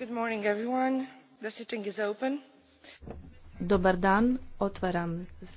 Good morning open. Dobar dan, otvaram